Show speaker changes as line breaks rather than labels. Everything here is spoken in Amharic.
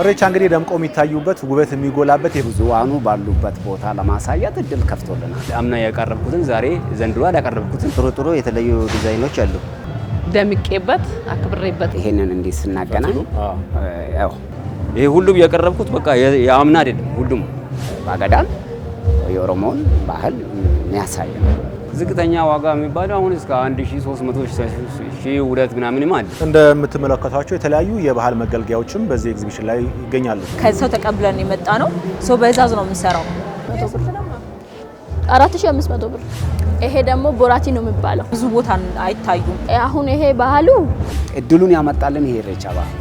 እሬቻ እንግዲህ ደምቆ የሚታዩበት ውበት የሚጎላበት የብዙሃኑ ባሉበት ቦታ ለማሳየት እድል ከፍቶልናል። አምና ያቀረብኩትን ዛሬ ዘንድሮ ያቀረብኩትን ጥሩ ጥሩ የተለዩ ዲዛይኖች አሉ።
ደምቄበት አክብሬበት
ይሄንን እንዲህ ስናገናኝ ይሄ ሁሉም ያቀረብኩት በቃ የአምና አይደለም። ሁሉም ባገዳል የኦሮሞውን ባህል የሚያሳይ ነው። ዝቅተኛ ዋጋ የሚባለው አሁን እስከ 1300 ምናምን አለ።
እንደምትመለከቷቸው የተለያዩ የባህል መገልገያዎችም በዚህ ኤግዚቢሽን ላይ ይገኛሉ።
ከሰው ተቀብለን የመጣ ነው። ሰው በዛዝ ነው የምንሰራው።
4500 ብር። ይሄ ደግሞ ቦራቲ ነው የሚባለው።
ብዙ ቦታ አይታዩም።
አሁን ይሄ ባህሉ
እድሉን ያመጣልን ይሄ ኢሬቻ ባህል